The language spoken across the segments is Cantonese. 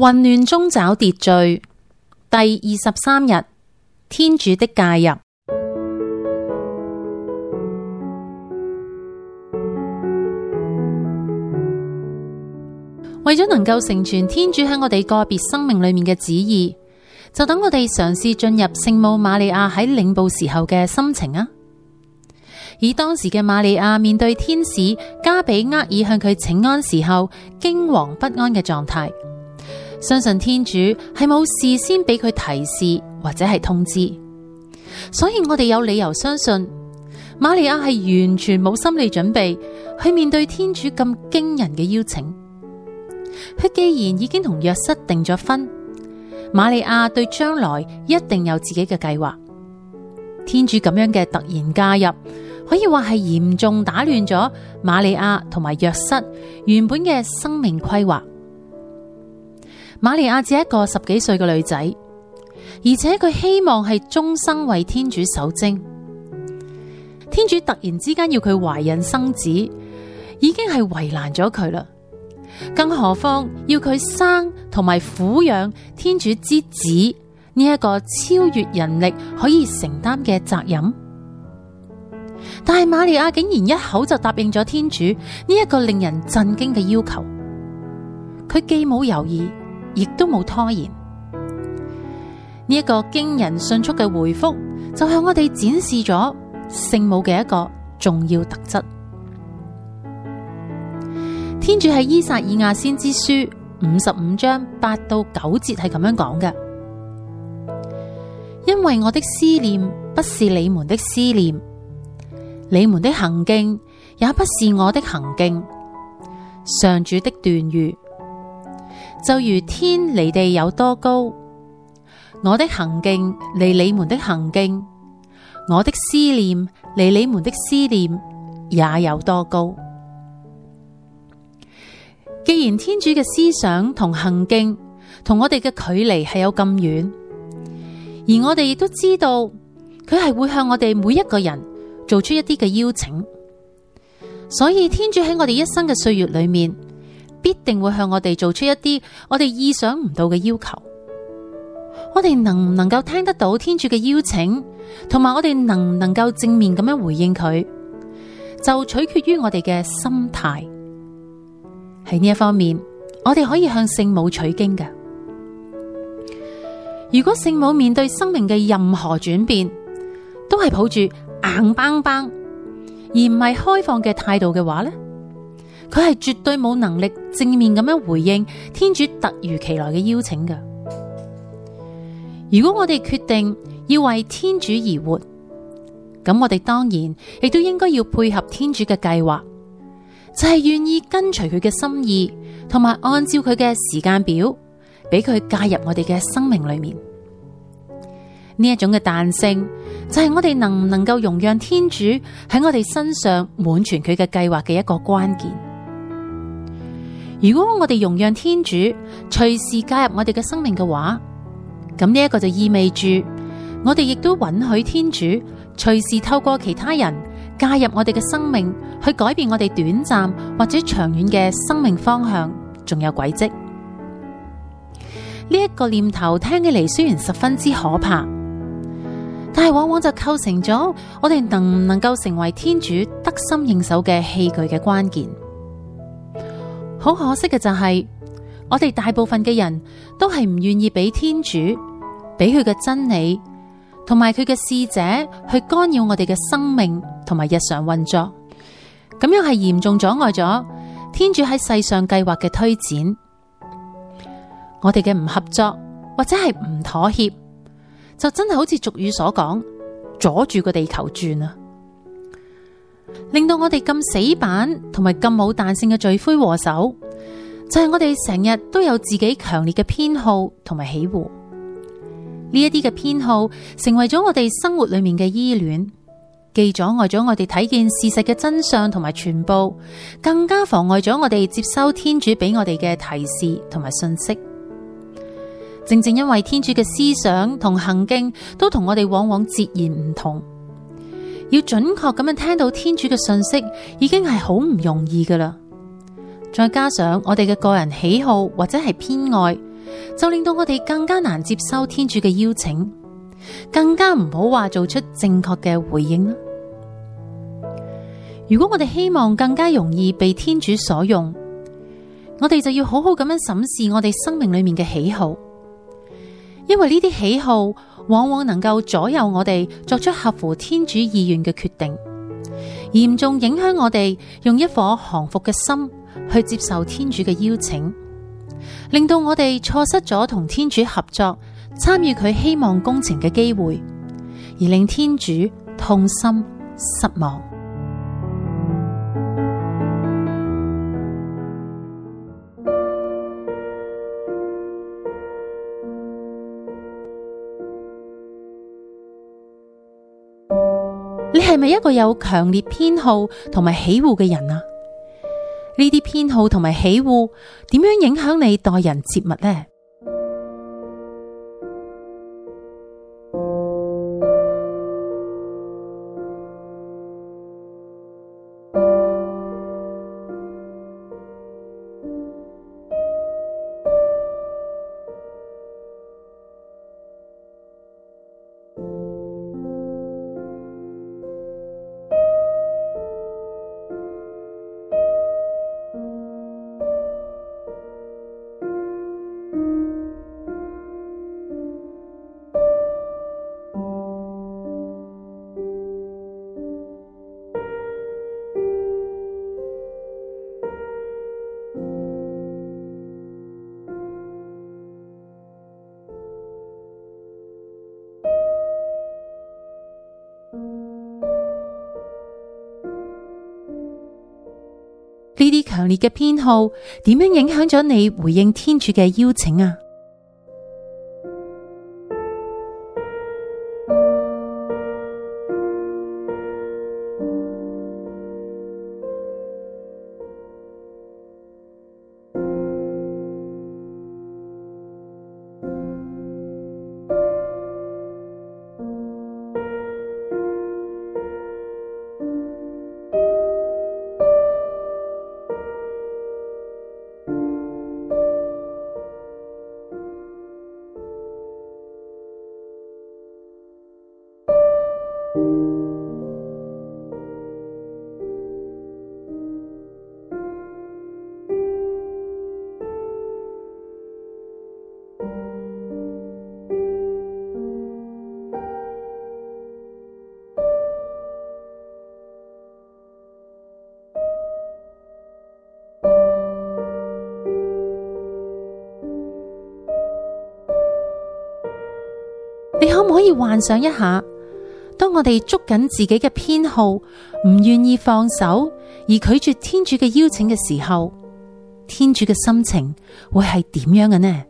混亂中找秩序。第二十三日，天主的介入，為咗能夠成全天主喺我哋個別生命裏面嘅旨意，就等我哋嘗試進入聖母瑪利亞喺領報時候嘅心情啊。以當時嘅瑪利亞面對天使加俾額爾向佢請安時候驚惶不安嘅狀態。相信天主係冇事先俾佢提示或者係通知，所以我哋有理由相信瑪利亞係完全冇心理準備去面對天主咁驚人嘅邀請。佢既然已經同若瑟訂咗婚，瑪利亞對將來一定有自己嘅計劃。天主咁樣嘅突然加入，可以話係嚴重打亂咗瑪利亞同埋若瑟原本嘅生命規劃。瑪利亞只係一個十幾歲嘅女仔，而且佢希望係終生為天主守貞。天主突然之間要佢懷孕生子，已經係為難咗佢啦。更何況要佢生同埋撫養天主之子呢一個超越人力可以承擔嘅責任，但係瑪利亞竟然一口就答應咗天主呢一個令人震驚嘅要求，佢既冇猶豫。亦都冇拖延，呢、這、一個驚人迅速嘅回覆，就向我哋展示咗聖母嘅一個重要特質。天主喺《依撒意亞先知書》五十五章八到九節係咁樣講嘅：「因為我的思念不是你們的思念，你們的行徑也不是我的行徑。上主的斷語。就如天離地有多高，我的行徑離你們的行徑，我的思念離你們的思念也有多高。既然天主嘅思想同行徑同我哋嘅距離係有咁遠，而我哋亦都知道佢係會向我哋每一個人做出一啲嘅邀請，所以天主喺我哋一生嘅歲月裏面，必定會向我哋做出一啲我哋意想唔到嘅要求，我哋能唔能夠聽得到天主嘅邀請，同埋我哋能唔能夠正面咁樣回應佢，就取決於我哋嘅心態。喺呢一方面，我哋可以向聖母取經嘅。如果聖母面對生命嘅任何轉變，都係抱住硬邦邦而唔係開放嘅態度嘅話咧？佢係絕對冇能力正面咁樣回應天主突如其來嘅邀請嘅。如果我哋決定要為天主而活，咁我哋當然亦都應該要配合天主嘅計劃，就係願意跟隨佢嘅心意，同埋按照佢嘅時間表，俾佢介入我哋嘅生命裏面。呢一種嘅彈性，就係我哋能唔能夠容讓天主喺我哋身上滿全佢嘅計劃嘅一個關鍵。如果我哋容讓天主隨時介入我哋嘅生命嘅話，咁呢一個就意味住我哋亦都允許天主隨時透過其他人介入我哋嘅生命，去改變我哋短暫或者長遠嘅生命方向，仲有軌跡。呢一個念頭聽起嚟雖然十分之可怕，但係往往就構成咗我哋能唔能夠成為天主得心應手嘅器具嘅關鍵。好可惜嘅就係，我哋大部分嘅人都係唔願意俾天主，俾佢嘅真理，同埋佢嘅使者去干擾我哋嘅生命同埋日常運作，咁樣係嚴重阻礙咗天主喺世上計劃嘅推展。我哋嘅唔合作或者係唔妥協，就真係好似俗語所講，阻住個地球轉啊！令到我哋咁死板同埋咁冇彈性嘅罪魁禍首，就係我哋成日都有自己強烈嘅偏好同埋喜惡，呢一啲嘅偏好成為咗我哋生活裏面嘅依戀，既阻礙咗我哋睇見事實嘅真相同埋全部，更加妨礙咗我哋接收天主俾我哋嘅提示同埋信息。正正因為天主嘅思想同行徑都同我哋往往截然唔同。要準確咁樣聽到天主嘅信息，已經係好唔容易噶啦。再加上我哋嘅個人喜好或者係偏愛，就令到我哋更加難接收天主嘅邀請，更加唔好話做出正確嘅回應。如果我哋希望更加容易被天主所用，我哋就要好好咁樣審視我哋生命裏面嘅喜好。因為呢啲喜好往往能夠左右我哋作出合乎天主意願嘅決定，嚴重影響我哋用一顆降服嘅心去接受天主嘅邀請，令到我哋錯失咗同天主合作、參與佢希望工程嘅機會，而令天主痛心失望。係咪一個有強烈偏好同埋喜惡嘅人啊？呢啲偏好同埋喜惡點樣影響你待人接物咧？呢啲強烈嘅偏好點樣影響咗你回應天主嘅邀請啊？你可唔可以幻想一下？當我哋捉緊自己嘅偏好，唔願意放手，而拒絕天主嘅邀請嘅時候，天主嘅心情會係點樣嘅呢？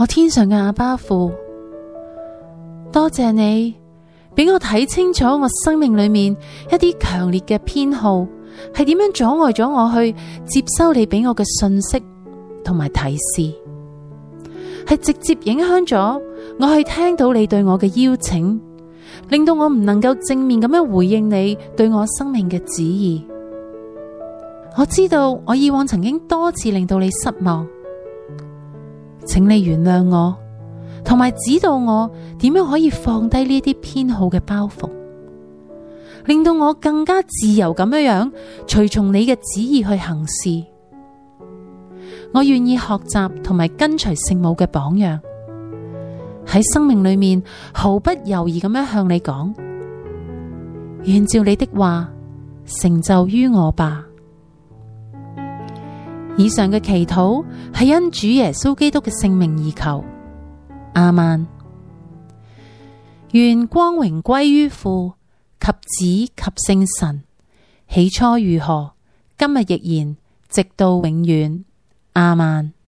我天上嘅阿爸父，多謝你俾我睇清楚，我生命裏面一啲強烈嘅偏好係點樣阻礙咗我去接收你俾我嘅信息同埋提示，係直接影響咗我去聽到你對我嘅邀請，令到我唔能夠正面咁樣回應你對我生命嘅旨意。我知道我以往曾經多次令到你失望。請你原諒我，同埋指導我點樣可以放低呢啲偏好嘅包袱，令到我更加自由咁樣樣，隨從你嘅旨意去行事。我願意學習同埋跟隨聖母嘅榜樣，喺生命裏面毫不猶豫咁樣向你講，願照你的話成就於我吧。以上嘅祈禱係因主耶穌基督嘅聖名而求，亞孟！願光榮歸於父及子及聖神，起初如何，今日亦然，直到永遠，亞孟。